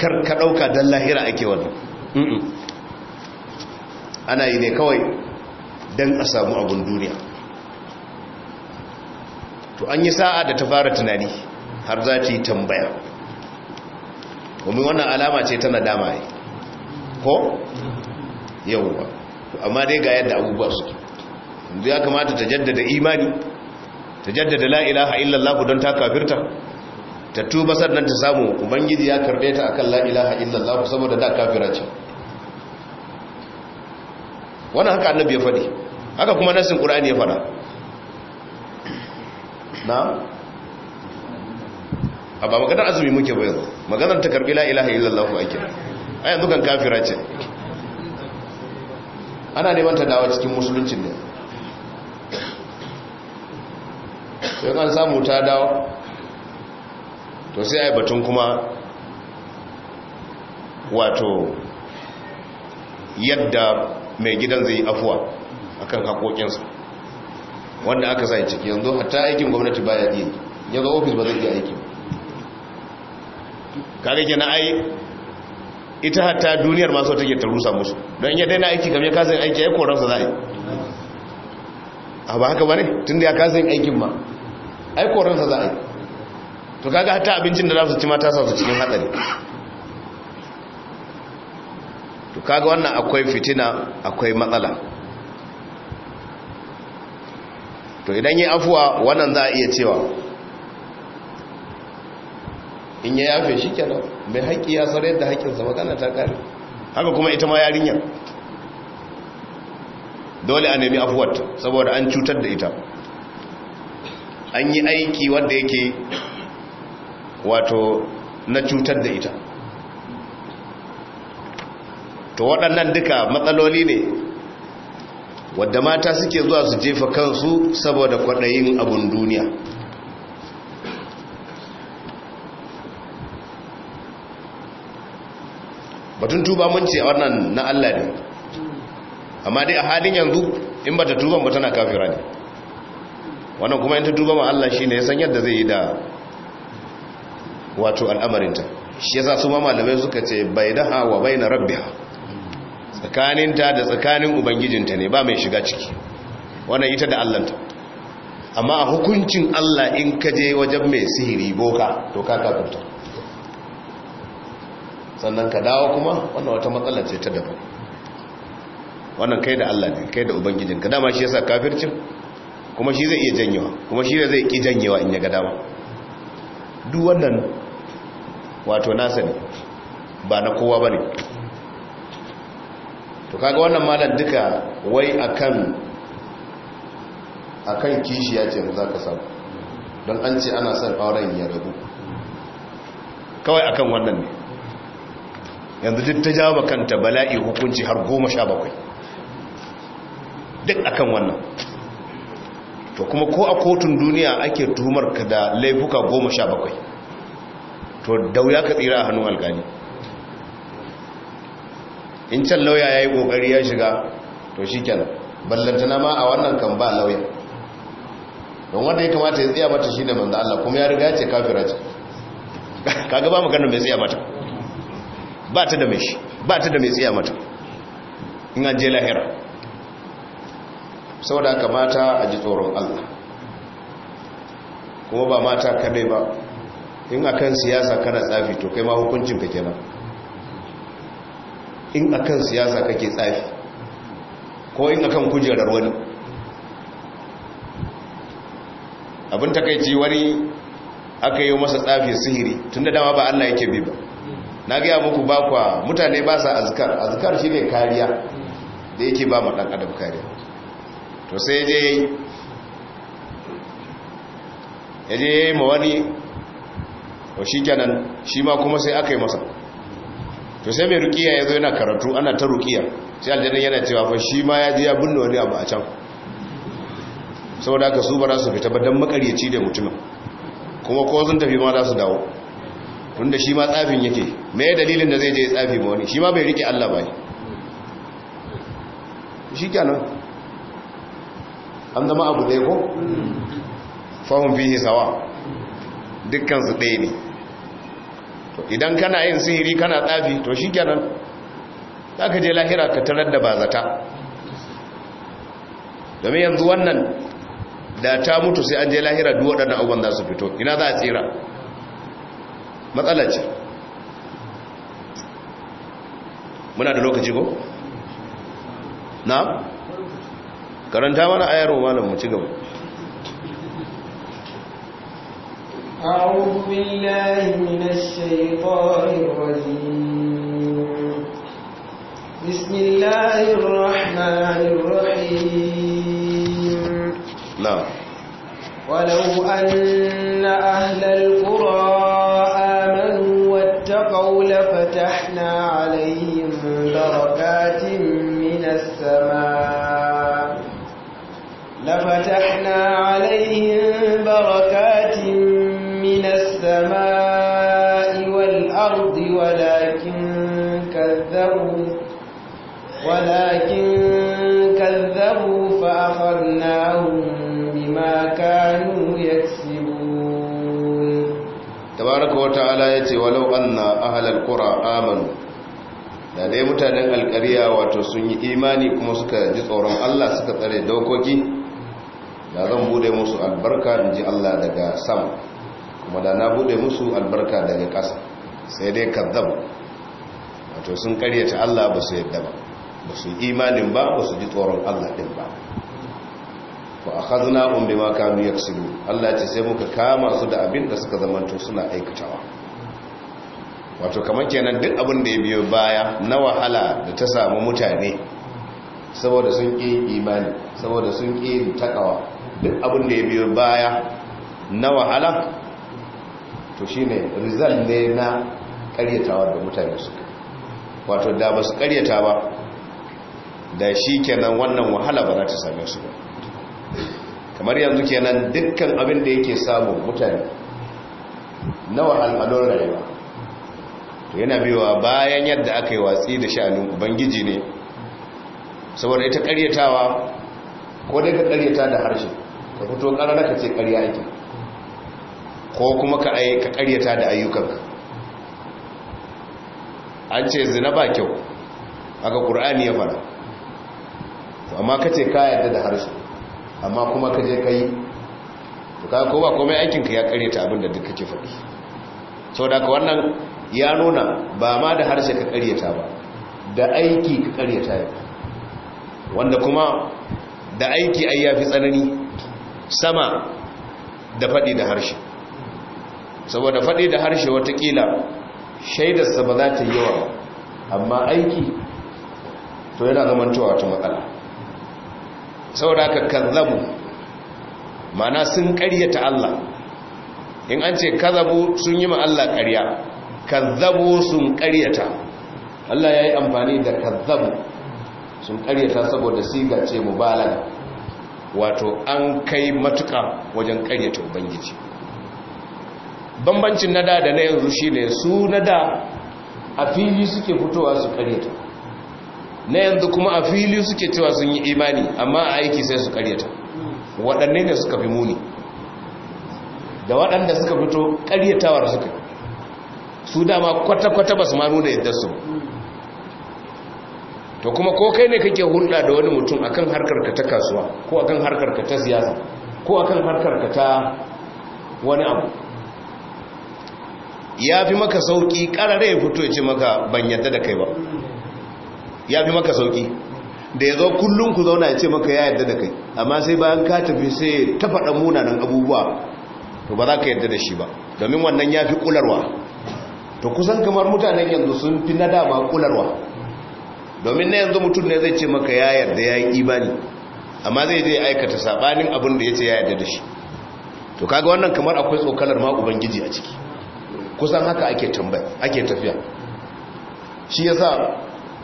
kar ka ɗauka don lahira ake wani ana yi ne kawai don a samu abin duniya to an yi sa'a da ta fara tunani har za ta yi tambaya domin wannan alama ce tana dama yi ko yawwa amma dai ga yadda abubuwa su yanzu ya kamata ta jaddada imani ta jaddada la'ilaha illallahu don ta kafirta ta tuba sannan ta samu ubangiji ya karbe ta akan la'ilaha illallahu saboda da kafira ce wannan haka annabi ya faɗi haka kuma nasin ƙura'ani ya faɗa na a ba maganar azumi muke bayan yanzu maganar ta karbi la'ilaha lallafu, ake a yanzu kan kafira ce ana neman ta dawa cikin musuluncin ne sai kan samu ta dawa to sai a yi batun kuma wato yadda mai gidan zai yi afuwa akan haƙoƙinsa wanda aka sa ciki yanzu hatta aikin gwamnati ya iya ya ga ofis ba zai iya aiki ke na ai ita hatta duniyar masu take ta rusa musu don ya daina aiki kamar ya kasa aiki ya koransa za a yi a ba haka ba ne tun da ya ka yin aikin ma ai koransa za a yi to kaga hatta abincin da za su ci mata sa su cikin hatsari to kaga wannan akwai fitina akwai matsala to idan yi afuwa wannan za a iya cewa in ya yafe shi kenan mai haƙƙi ya sarar yadda haƙƙinsa magana ta ƙare haka kuma ita ma yarinya dole a nemi afuwa saboda an cutar da ita an yi aiki wanda yake wato na cutar da ita to waɗannan duka matsaloli ne wadda mata suke zuwa su jefa kansu saboda kwaɗayin abun duniya batun tuba mun ce wannan na Allah ne amma dai a halin yanzu in ba ta tuban ba tana kafira ne wannan kuma in ta tuba ma Allah shi ne ya san yadda zai yi da wato al'amarinta shi ya sa su ma malamai suka ce bai da hawa bai na tsakaninta da tsakanin ubangijinta ne ba mai shiga ciki wannan ita da allanta amma a hukuncin allah in ka je wajen mai sihiri boka to ka kuta sannan ka dawo kuma wannan wata matsala ce ta daban wannan kai da allah ne kai da ubangijinka dama shi yasa kafircin kuma shi zai iya janyewa kuma shi zai ki janyewa in ya ga dama duk wannan wato nasa ne ba na kowa ba ne to kaga wannan malam duka wai akan akan kishiya ce za ka samu don an ce ana son auren ya rabu kawai akan wannan ne yanzu duk ta jawo kanta bala'i hukunci har goma sha bakwai duk akan wannan to kuma ko a kotun duniya ake tuhumar ka da laifuka goma sha bakwai to dauya ka tsira a hannun alkali in can lauya ya yi ƙoƙari ya shiga to shi kenan ballantana ma a wannan kan ba lauya don wanda ya kamata ya tsaya mata shi ne manzan Allah kuma ya riga ce kafira ce kaga ba maganar mai tsaya mata ba ta da mai shi ba ta da mai tsaya mata in an je lahira saboda kamata a ji tsoron Allah kuma ba mata kadai ba in kan siyasa kana tsafi to kai ma hukuncin ka kenan in akan siyasa kake tsafi ko in akan kujerar wani abin takaici wani aka yi masa tsafi sihiri tun da dama ba Allah yake bi ba na gaya muku bakwa mutane ba sa azkar azkar shi ne kariya da yake ba ma ɗan adam kariya to sai je yaje ya je ma wani shi kenan shi ma kuma sai aka yi masa to sai mai rukiya ya zo yana karatu ana ta rukiya sai aljanna yana cewa fa shi ma ya ji ya binne wani abu a can saboda haka su ba za su fita ba don makaryaci da mutumin kuma ko sun tafi ma za su dawo tunda shi ma tsafin yake mai dalilin da zai je tsafi ba wani shi ma bai rike Allah ba ne shi kenan an zama abu ɗaya ko fahimfi sawa dukkan su ɗaya ne idan kana yin sihiri kana tsafi to shi kenan za ka je lahira ka tarar da bazata domin yanzu wannan da ta mutu sai an je lahira duk waɗannan abubuwan za su fito ina za a tsira matsalaci ce muna da lokaci ko? na? karanta mana ayarwa malam mu ci gaba أعوذ بالله من الشيطان الرجيم بسم الله الرحمن الرحيم نعم ولو أن أهل القرى آمنوا واتقوا لفتحنا عليهم بركات من السماء لفتحنا عليهم بركات السماء والأرض ولكن كذبوا ولكن كذبوا فأخذناهم بما كانوا يكسبون تبارك وتعالى يتي ولو أن أهل القرى آمنوا da dai mutanen alkariya wato sun yi imani kuma suka ji tsoron Allah suka tsare dokoki da zan bude musu albarka in ji Allah daga sama kuma da na bude musu albarka daga ƙasa sai dai kazzab wato sun karyata Allah ba su yadda ba ba su imanin ba ba su ji tsoron Allah din ba a fa akhadnahum bima kanu yaksubu Allah ce sai muka kama su da abin da suka zamanto suna aikatawa wato kamar kenan duk abin da ya biyo baya na wahala da ta samu mutane saboda sun ƙi imani saboda sun ƙi takawa duk abin da ya biyo baya na wahala to shi ne rizal ne na karyatawa da mutane suka wato da ba su karyata ba da shi kenan wannan wahala ba za ta same su ba kamar yanzu kenan dukkan abin da yake samu mutane na wahalhalon rayuwa to yana biyowa bayan yadda aka yi watsi da sha'anin ubangiji ne saboda ita karyatawa ko daga karyata da harshe ka fito karara ka ce karya ake ko kuma ka karyata da ayyukanka an ce zina ba kyau aka ƙur'ani ya fara amma ka ce ka yarda da harshe amma kuma ka je ka yi ka ko ba komai aikinka ya karyata abinda duk kake faɗi sau da ka wannan ya nuna ba ma da harshe ka karyata ba da aiki ka karyata ya wanda kuma da aiki ai ya fi tsanani sama da faɗi da harshe saboda faɗi da harshe watakila shaidarsa ba za ta yi yawa amma aiki to yana zamantowa wata matsala saboda aka kazzabu mana sun ƙaryata Allah in an ce kazzabu sun yi ma Allah ƙarya kazzabu sun ƙaryata Allah ya yi amfani da kazzabu sun ƙaryata saboda siga ce mubalaga wato an kai matuƙa wajen ƙaryata ubangiji bambancin nada da na yanzu shi ne su nada a fili suke fitowa su karyata na yanzu kuma a fili suke cewa sun yi imani amma a aiki sai su karyata waɗanne ne suka fi muni da waɗanda suka fito karyatawar suka su dama kwata-kwata ba su maru da yadda su to kuma ko kai ne kake hulɗa da wani mutum akan harkarka ta kasuwa ko akan harkarka ta siyasa ko akan harkarka ta wani abu ya fi maka sauki karare ya fito ya ce maka ban yadda da kai ba ya fi maka sauki da ya zo kullum ku zauna ya ce maka ya yadda da kai amma sai bayan ka tafi sai ta faɗa munanan abubuwa to ba za ka yadda da shi ba domin wannan ya fi kularwa to kusan kamar mutanen yanzu sun fi na dama kularwa domin na yanzu mutum ne zai ce maka ya yarda ya yi imani amma zai zai aikata sabanin abin da ya ce ya yadda da shi to kaga wannan kamar akwai tsokalar ma ubangiji a ciki kusan haka ake tambaya ake tafiya shi yasa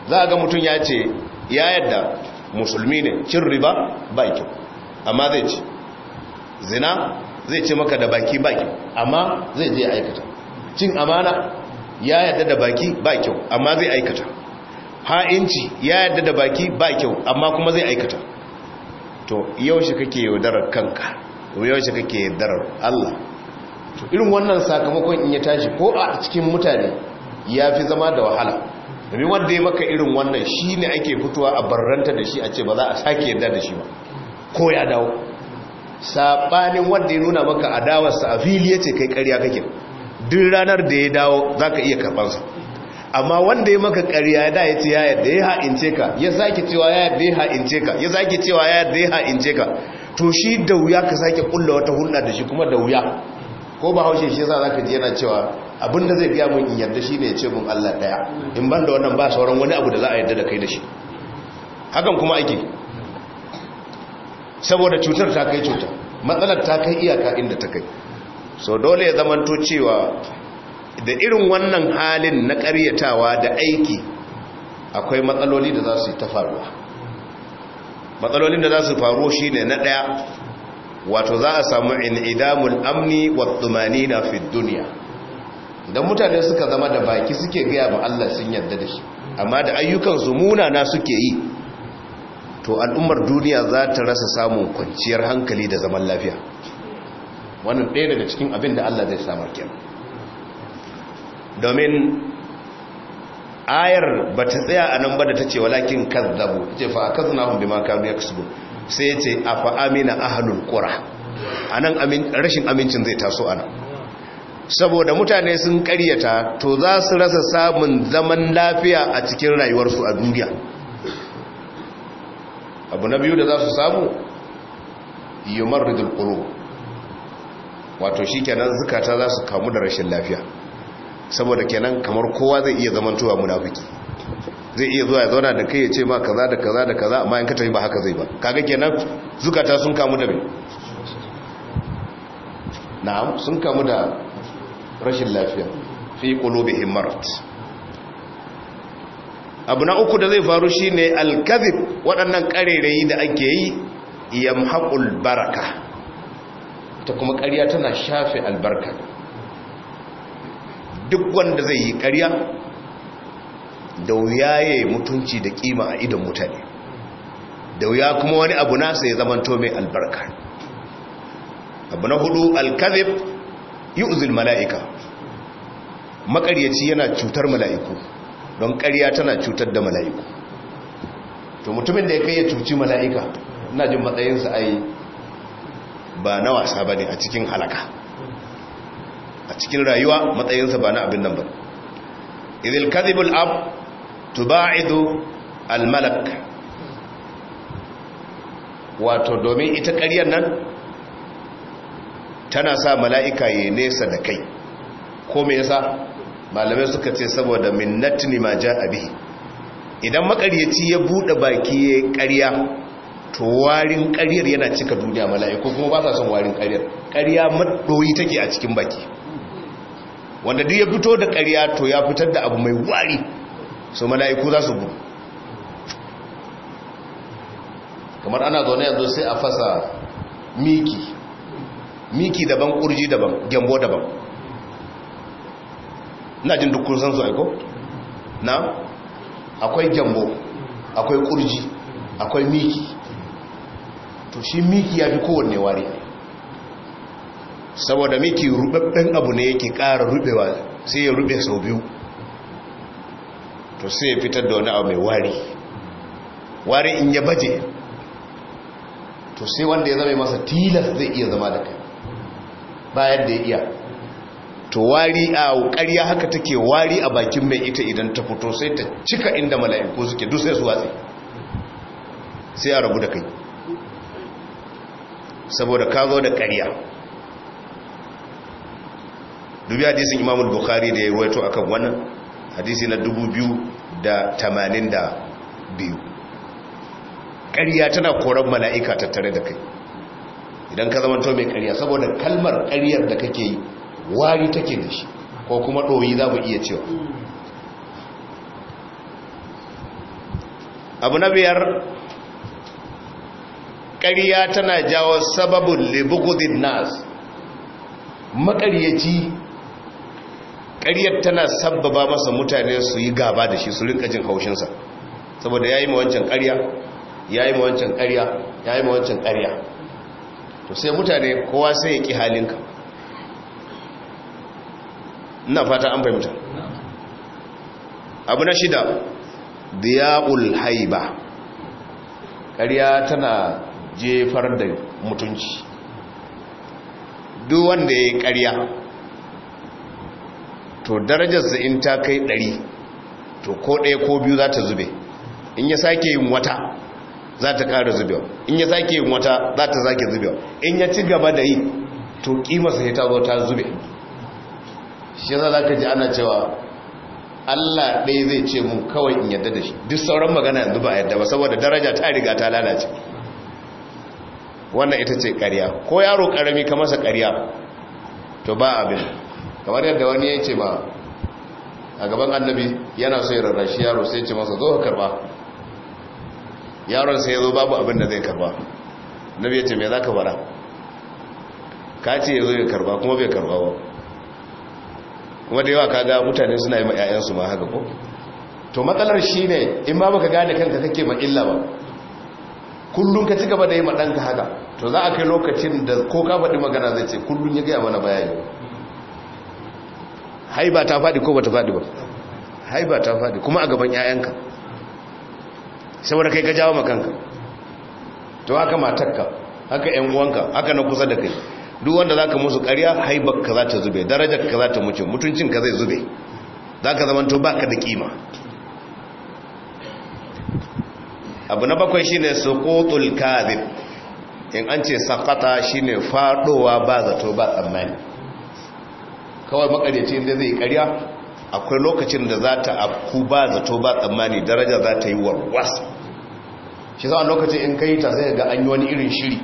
za ga mutum ya ce ya yadda musulmi ne cin riba ba kyau amma zai ce zina zai ce maka da baki ba kyau amma zai je aikata cin amana ya yadda da baki ba kyau amma zai aikata ha'inci ya yadda da baki ba kyau amma kuma zai aikata to yaushe kake yaudarar kanka yaushe kake yaudarar Allah irin wannan sakamakon in ya tashi ko a cikin mutane ya fi zama da wahala domin wanda ya maka irin wannan shi ne ake fitowa a barranta da shi a ce ba za a sake yadda da shi ba ko ya dawo saɓanin wanda ya nuna maka adawarsa a fili ya ce kai karya kake duk ranar da ya dawo za ka iya karɓarsa amma wanda ya maka ƙarya ya da ya ce ya yadda ya ha'ince ka ya sake cewa ya yadda ya ha'ince ka ya sake cewa ya yadda ya ha'ince ka to shi da wuya ka sake ƙulla wata hulɗa da shi kuma da wuya ko ba haushe shi za ka ji yana cewa abinda zai biya mun in yarda shi ne ya ce mun Allah daya in ban da wannan ba sauran wani abu da za a yarda da kai da shi hakan kuma ake saboda cutar ta kai cuta matsalar ta kai iyaka inda ta kai so dole ya zamanto cewa da irin wannan halin na karyatawa da aiki akwai matsaloli da za su yi ta faruwa matsalolin da za su faru shine na ɗaya. wato za a samu idamul amni wa na fit duniya idan mutane suka zama da baki suke gaya ba Allah sun yarda da shi amma da ayyukan zumuna na suke yi to al'ummar duniya za ta rasa samun kwanciyar hankali da zaman lafiya wannan ɗaya daga cikin abin da Allah zai samar kenan domin ayar ba ta tsaya a nan ba da ta ce walakin kazzabu ce fa akaznahum bima ya yaksubun sai ce a fa'amina ahalun ƙura a nan rashin amincin zai taso ana saboda mutane sun karyata to za su rasa samun zaman lafiya a cikin rayuwarsu a duniya abu na biyu da za su samu yi da ƙuro wato shi kenan zukata za su kamu da rashin lafiya saboda kenan kamar kowa zai iya zamantowa munafiki zai iya zuwa ya zauna da kai ya ce ma kaza da kaza da kaza amma in ka tafi ba haka zai ba kaga kenan zukata sun kamu da na'am sun kamu da rashin lafiya fi qulubihim marad abu na uku da zai faru shine al-kadhib waɗannan karerayi da ake yi yamhaqul baraka ta kuma ƙarya tana shafe albarka duk wanda zai yi ƙarya da wuya ya mutunci da kima a idon mutane da wuya kuma wani abu nasa ya zamanto mai albarka abu na hudu alkazib yi uzin mala'ika makaryaci yana cutar mala'iku don karya tana cutar da mala'iku to mutumin da ya kai ya cuci mala'ika na jin matsayinsa a yi ba na wasa ba ne a cikin halaka a cikin rayuwa matsayinsa ba na abin nan ba izil kazibul ab tuba'idu almalak wato domin ita ƙaryar nan tana sa mala'ika ya nesa da kai ko mai yasa malamai suka ce saboda minnatni ma ja abi idan makaryaci ya buɗe baki ya ƙarya to warin ƙaryar yana cika duniya mala'iku kuma ba sa son warin ƙaryar ƙarya maɗoyi take a cikin baki wanda duk ya fito da ƙarya to ya fitar da abu mai wari so mala'iku za su gudu kamar ana zaune yanzu sai a fasa miki miki daban kurji daban gyambo daban na jin duk san su aiko na akwai gyambo akwai kurji akwai miki to shi miki ya fi kowanne wari saboda miki rubabben abu ne yake ƙara rubewa sai ya rube sau biyu to sai ya fitar da wani abu mai wari wari in ya baje to sai wanda ya zama masa tilas zai iya zama da kai bayan da ya iya to wari a ƙarya haka take wari a bakin mai ita idan ta fito sai ta cika inda mala'iku suke duk sai su watsi sai a rabu da kai saboda ka zo da ƙarya dubi hadisin imamul bukhari da ya wato akan wannan hadisi na dubu biyu da da tamanin biyu, ƙarya tana koron mala'ika tattare da kai idan ka zama mai ƙarya saboda kalmar ƙaryar da kake yi wari take da shi ko kuma ɗoyi za mu iya cewa abu na biyar ƙarya tana jawo sababin libugudin nas maƙaryaci. ƙaryar tana sabbaba masa mutane su yi gaba da shi su rinka jin haushinsa saboda ya yi mawancan ƙarya ya yi mawancan ƙarya ya yi mawancan ƙarya to sai mutane kowa sai ya ƙi halinka ina fata an fahimta abu na shida biya'ul haiba ƙarya tana jefar da mutunci duk wanda ya yi ƙarya to darajarsa in ta kai ɗari to ko ɗaya ko biyu za ta zube in ya sake yin wata za ta ƙara zubewa in ya sake yin wata za ta sake zubewa in ya ci gaba da yi to ƙimarsa ya ta zo ta zube shi za ka ji ana cewa allah ɗaya zai ce mun kawai in yadda da shi duk sauran magana yanzu ba yadda ba saboda daraja ta riga ta lalace wannan ita ce ƙarya ko yaro ƙarami ka masa ƙarya to ba abin kamar yadda wani ya ce ma a gaban annabi yana so ya rarrashi yaro sai ce masa zo ka karba yaron sai ya zo babu abin da zai karba nabi ya ce me za ka bara ka ce ya zo ya karba kuma bai karba ba kuma da yawa kaga mutane suna yi ma 'ya'yansu ma haka ko to matsalar shi ne in ba ka gane kanka kake ma illa ba kullum ka ci gaba da yi ma ɗanka haka to za a kai lokacin da ko ka faɗi magana zai ce kullum ya gaya mana bayani haiba ta faɗi ko ba ta faɗi ba haiba ta faɗi kuma a gaban 'ya'yanka saboda kai ka jawo makanka to haka matakka haka 'yan uwanka haka na kusa da kai duk wanda za ka musu ƙarya haibar ka za ta zube darajar ka za ta mutu mutuncin ka zai zube za ka to ba ka da kima, abu na bakwai shine suqutul kadhib in an ce sakata shine faɗowa ba zato ba tsammani kawai makaryaci inda zai karya akwai lokacin da za ta afku ba zato ba tsammani daraja za ta yi warwas shi lokacin in kai ta sai ga an irin shiri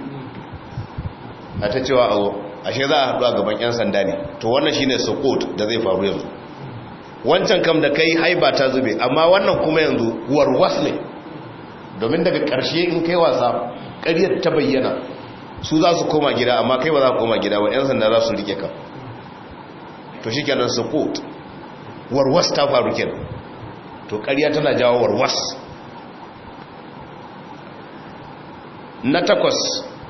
a ta cewa awo ashe za a haɗu a gaban 'yan sanda ne to wannan shine support da zai faru yanzu wancan kam da kai haiba ta zube amma wannan kuma yanzu warwas ne domin daga ƙarshe in kai wasa ƙaryar ta bayyana su za su koma gida amma kai ba za ka koma gida ba 'yan sanda za su rike ka to shi kenan sukut warwas ta faru kenan to ƙarya tana jawo warwas na takwas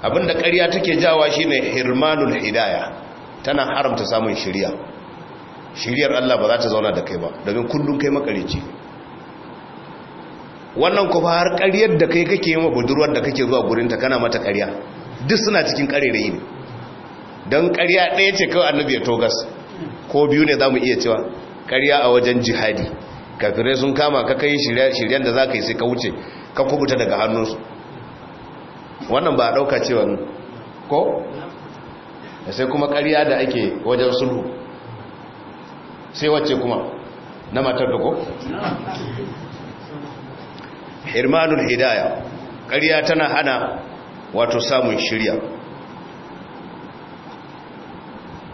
abinda ƙarya take jawa shine hirmanul hidaya tana haramta samun shirya. shiriyar Allah ba za ta zauna da kai ba domin kullum kai makarici wannan kuma har ƙaryar da kai kake yi wa budurwar da kake zuwa gurinta kana mata ƙarya duk suna cikin ƙarerayi ne don ƙarya ɗaya ce kawai annabi ya togas ko biyu ne za mu iya cewa karya a wajen jihadi kafirai sun kama ka kai shiryen da za ka yi sai ka wuce ka kubuta daga hannunsu wannan ba a ɗauka cewa ko sai kuma karya da ake wajen sulhu sai wacce kuma na matar da ko hirmanul hidaya ƙarya tana hana wato samun shirya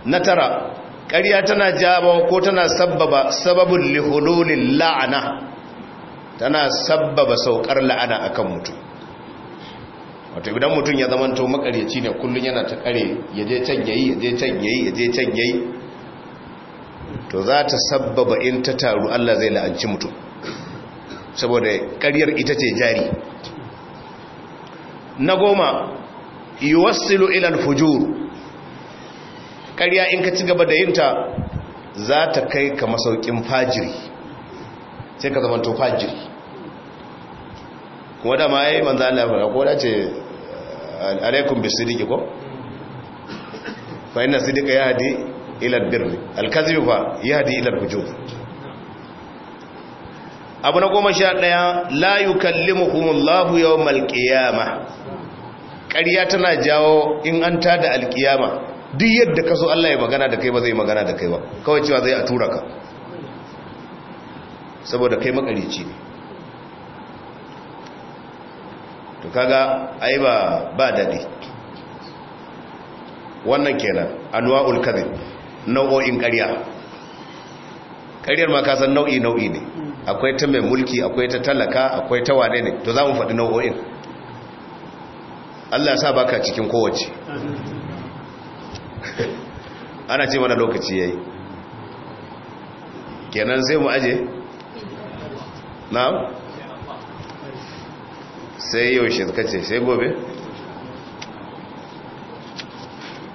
na tara ƙarya tana jaba ko tana sababa sababin lihululin la'ana tana sabbaba saukar la'ana akan mutum wato idan mutum ya zama makaryaci ne kullum yana ta ƙare, ya je can yayi ya je can yayi ya je can yayi to za ta sabbaba in ta taru Allah zai la'anci mutum saboda ƙaryar ita ce jari na goma yuwassilu wasu ilal fujuru ƙarya in ka ci gaba da yinta za ta kai ka masaukin fajiri sai ka zama to fajiri kuma da ma ya yi manzan Allah fara ko da ce alaikun bisu sidiki ko fa ina sidika ya hadi ilar birni alkazibi ba ya hadi ilar hujub abu na goma sha ɗaya la yi kallimuhumullahu yau malkiyama ƙarya tana jawo in an tada alƙiyama duk yadda ka so Allah ya magana da kai ba zai magana da kai ba kawai cewa zai a tura ka saboda kai makarici ne to kaga ai ba ba dadi wannan kenan anwa'ul kadhib nau'o'in ƙarya ƙaryar ma ka san nau'i nau'i ne akwai ta mai mulki akwai ta talaka akwai ta wane ne to za mu faɗi nau'o'in Allah ya sa baka cikin kowace ana ce mana lokaci yi kenan sai mu aje Na? sai yaushe kace sai gobe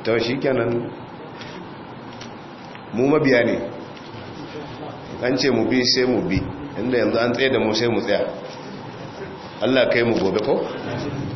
ta shi kenan mu mabiya ne an ce mu bi sai mu bi inda yanzu an tsaye da mu sai mu tsaya Allah kai mu gobe ko